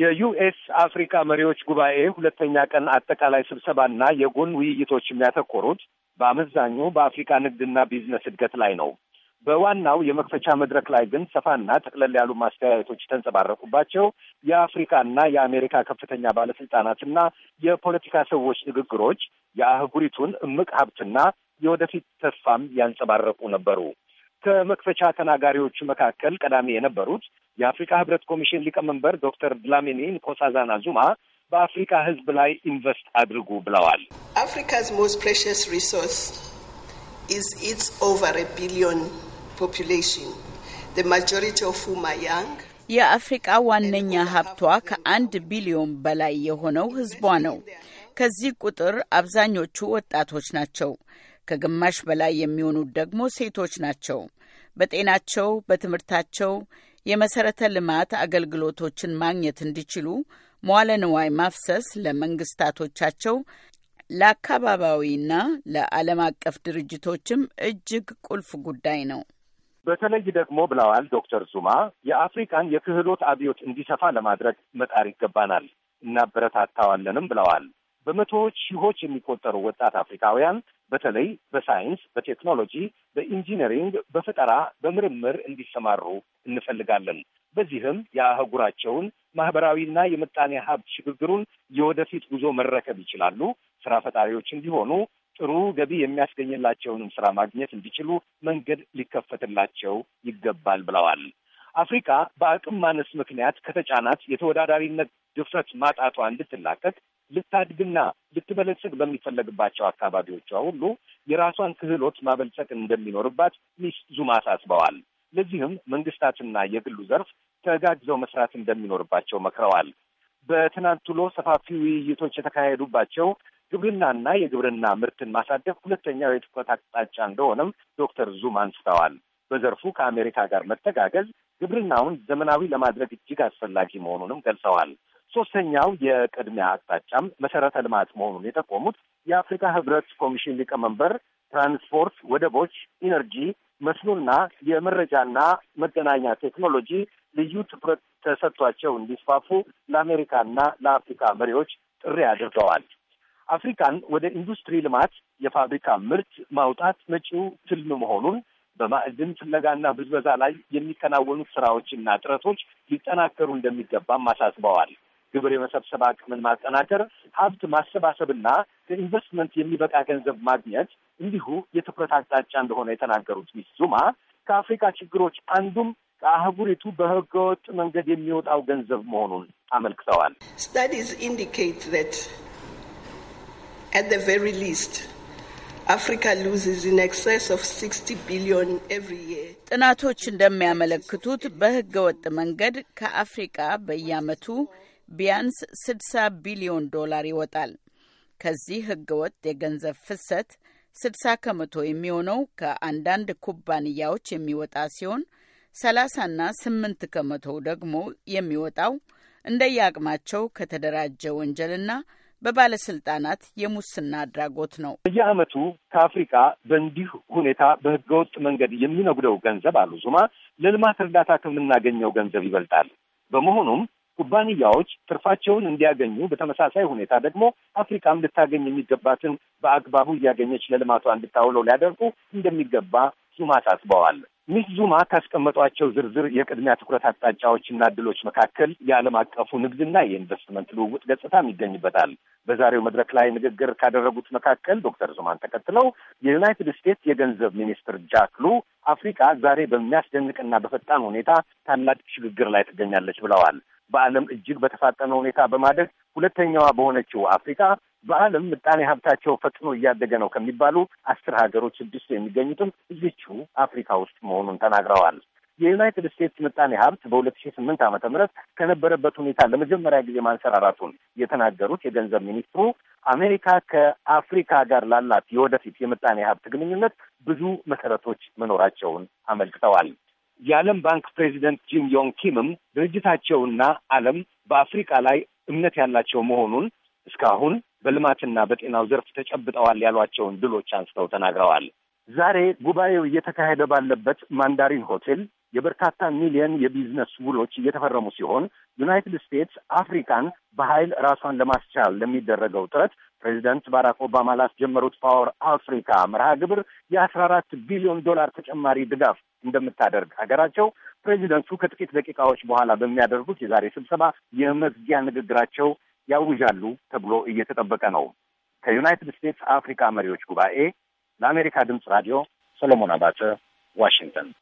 የዩኤስ አፍሪካ መሪዎች ጉባኤ ሁለተኛ ቀን አጠቃላይ ስብሰባና የጎን ውይይቶች የሚያተኮሩት በአመዛኙ በአፍሪካ ንግድና ቢዝነስ እድገት ላይ ነው። በዋናው የመክፈቻ መድረክ ላይ ግን ሰፋና ጠቅለል ያሉ ማስተያየቶች የተንጸባረቁባቸው የአፍሪካና የአሜሪካ ከፍተኛ ባለስልጣናትና የፖለቲካ ሰዎች ንግግሮች የአህጉሪቱን እምቅ ሀብትና የወደፊት ተስፋም ያንጸባረቁ ነበሩ። ከመክፈቻ ተናጋሪዎቹ መካከል ቀዳሚ የነበሩት የአፍሪካ ህብረት ኮሚሽን ሊቀመንበር ዶክተር ድላሚኒ ንኮሳዛና ዙማ በአፍሪካ ህዝብ ላይ ኢንቨስት አድርጉ ብለዋል። አፍሪካስ ሞስት ፕሬሽስ ሪሶርስ ኢዝ ኢትስ ኦቨር ቢሊዮን ፖፑሌሽን ዘ ማጆሪቲ ኦፍ ሁም አር ያንግ የአፍሪቃ ዋነኛ ሀብቷ ከአንድ ቢሊዮን በላይ የሆነው ህዝቧ ነው። ከዚህ ቁጥር አብዛኞቹ ወጣቶች ናቸው። ከግማሽ በላይ የሚሆኑት ደግሞ ሴቶች ናቸው። በጤናቸው፣ በትምህርታቸው፣ የመሰረተ ልማት አገልግሎቶችን ማግኘት እንዲችሉ መዋለ ንዋይ ማፍሰስ ለመንግስታቶቻቸው ለአካባቢያዊና ለዓለም አቀፍ ድርጅቶችም እጅግ ቁልፍ ጉዳይ ነው። በተለይ ደግሞ ብለዋል ዶክተር ዙማ የአፍሪካን የክህሎት አብዮት እንዲሰፋ ለማድረግ መጣር ይገባናል፣ እናበረታታዋለንም ብለዋል። በመቶዎች ሺዎች የሚቆጠሩ ወጣት አፍሪካውያን በተለይ በሳይንስ፣ በቴክኖሎጂ፣ በኢንጂነሪንግ፣ በፈጠራ፣ በምርምር እንዲሰማሩ እንፈልጋለን። በዚህም የአህጉራቸውን ማህበራዊና የምጣኔ ሀብት ሽግግሩን የወደፊት ጉዞ መረከብ ይችላሉ። ስራ ፈጣሪዎች እንዲሆኑ ጥሩ ገቢ የሚያስገኝላቸውንም ስራ ማግኘት እንዲችሉ መንገድ ሊከፈትላቸው ይገባል ብለዋል። አፍሪካ በአቅም ማነስ ምክንያት ከተጫናት የተወዳዳሪነት ድፍረት ማጣቷ እንድትላቀቅ ልታድግና ልትበለጽግ በሚፈለግባቸው አካባቢዎቿ ሁሉ የራሷን ክህሎት ማበልጸግ እንደሚኖርባት ሚስ ዙማ አሳስበዋል። ለዚህም መንግስታትና የግሉ ዘርፍ ተጋግዘው መስራት እንደሚኖርባቸው መክረዋል። በትናንት ውሎ ሰፋፊ ውይይቶች የተካሄዱባቸው ግብርናና የግብርና ምርትን ማሳደግ ሁለተኛው የትኩረት አቅጣጫ እንደሆነም ዶክተር ዙም አንስተዋል። በዘርፉ ከአሜሪካ ጋር መተጋገዝ ግብርናውን ዘመናዊ ለማድረግ እጅግ አስፈላጊ መሆኑንም ገልጸዋል። ሶስተኛው የቅድሚያ አቅጣጫም መሰረተ ልማት መሆኑን የጠቆሙት የአፍሪካ ህብረት ኮሚሽን ሊቀመንበር ትራንስፖርት፣ ወደቦች፣ ኢነርጂ፣ መስኖና የመረጃና መገናኛ ቴክኖሎጂ ልዩ ትኩረት ተሰጥቷቸው እንዲስፋፉ ለአሜሪካና ለአፍሪካ መሪዎች ጥሪ አድርገዋል። አፍሪካን ወደ ኢንዱስትሪ ልማት የፋብሪካ ምርት ማውጣት መጪው ትልም መሆኑን በማዕድን ፍለጋና ብዝበዛ ላይ የሚከናወኑት ስራዎችና ጥረቶች ሊጠናከሩ እንደሚገባም አሳስበዋል። ግብር የመሰብሰብ አቅምን ማጠናከር፣ ሀብት ማሰባሰብና ከኢንቨስትመንት የሚበቃ ገንዘብ ማግኘት እንዲሁ የትኩረት አቅጣጫ እንደሆነ የተናገሩት ሚስ ዙማ ከአፍሪካ ችግሮች አንዱም ከአህጉሪቱ በህገወጥ መንገድ የሚወጣው ገንዘብ መሆኑን አመልክተዋል። ስታዲስ ኢንዲኬት ዛት አት ዘ ቬሪ ሊስት አፍሪካ ሉዝስ ኢን ኤክሰስ ኦፍ 60 ቢሊዮን ኤቭሪ የር። ጥናቶች እንደሚያመለክቱት በህገ ወጥ መንገድ ከአፍሪካ በየአመቱ ቢያንስ 60 ቢሊዮን ዶላር ይወጣል። ከዚህ ህገወጥ የገንዘብ ፍሰት 60 ከመቶ የሚሆነው ከአንዳንድ ኩባንያዎች የሚወጣ ሲሆን 30ና 8 ከመቶ ደግሞ የሚወጣው እንደየአቅማቸው ከተደራጀ ወንጀልና በባለስልጣናት የሙስና አድራጎት ነው። በየአመቱ ከአፍሪካ በእንዲህ ሁኔታ በህገወጥ መንገድ የሚነጉደው ገንዘብ አሉ ዙማ ለልማት እርዳታ ከምናገኘው ገንዘብ ይበልጣል። በመሆኑም ኩባንያዎች ትርፋቸውን እንዲያገኙ በተመሳሳይ ሁኔታ ደግሞ አፍሪካም ልታገኝ የሚገባትን በአግባቡ እያገኘች ለልማቷ እንድታውለው ሊያደርጉ እንደሚገባ ዙማ አሳስበዋል። ሚስ ዙማ ካስቀመጧቸው ዝርዝር የቅድሚያ ትኩረት አቅጣጫዎችና እድሎች መካከል የዓለም አቀፉ ንግድና የኢንቨስትመንት ልውውጥ ገጽታም ይገኝበታል። በዛሬው መድረክ ላይ ንግግር ካደረጉት መካከል ዶክተር ዙማን ተከትለው የዩናይትድ ስቴትስ የገንዘብ ሚኒስትር ጃክ ሉ አፍሪካ ዛሬ በሚያስደንቅና በፈጣን ሁኔታ ታላቅ ሽግግር ላይ ትገኛለች ብለዋል። በዓለም እጅግ በተፋጠነ ሁኔታ በማደግ ሁለተኛዋ በሆነችው አፍሪካ በዓለም ምጣኔ ሀብታቸው ፈጥኖ እያደገ ነው ከሚባሉ አስር ሀገሮች ስድስቱ የሚገኙትም እዚችው አፍሪካ ውስጥ መሆኑን ተናግረዋል። የዩናይትድ ስቴትስ ምጣኔ ሀብት በሁለት ሺ ስምንት ዓመተ ምህረት ከነበረበት ሁኔታ ለመጀመሪያ ጊዜ ማንሰራራቱን የተናገሩት የገንዘብ ሚኒስትሩ አሜሪካ ከአፍሪካ ጋር ላላት የወደፊት የምጣኔ ሀብት ግንኙነት ብዙ መሰረቶች መኖራቸውን አመልክተዋል። የዓለም ባንክ ፕሬዚደንት ጂም ዮንግ ኪምም ድርጅታቸውና ዓለም በአፍሪካ ላይ እምነት ያላቸው መሆኑን እስካሁን በልማትና በጤናው ዘርፍ ተጨብጠዋል ያሏቸውን ድሎች አንስተው ተናግረዋል። ዛሬ ጉባኤው እየተካሄደ ባለበት ማንዳሪን ሆቴል የበርካታ ሚሊየን የቢዝነስ ውሎች እየተፈረሙ ሲሆን ዩናይትድ ስቴትስ አፍሪካን በኃይል ራሷን ለማስቻል ለሚደረገው ጥረት ፕሬዚደንት ባራክ ኦባማ ላስጀመሩት ፓወር አፍሪካ መርሃ ግብር የአስራ አራት ቢሊዮን ዶላር ተጨማሪ ድጋፍ እንደምታደርግ ሀገራቸው ፕሬዚደንቱ ከጥቂት ደቂቃዎች በኋላ በሚያደርጉት የዛሬ ስብሰባ የመዝጊያ ንግግራቸው ያውዣሉ ተብሎ እየተጠበቀ ነው። ከዩናይትድ ስቴትስ አፍሪካ መሪዎች ጉባኤ ለአሜሪካ ድምፅ ራዲዮ ሰሎሞን አባተ ዋሽንግተን